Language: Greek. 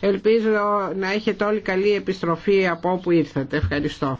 Ελπίζω να έχετε όλοι καλή επιστροφή από όπου ήρθατε. Ευχαριστώ.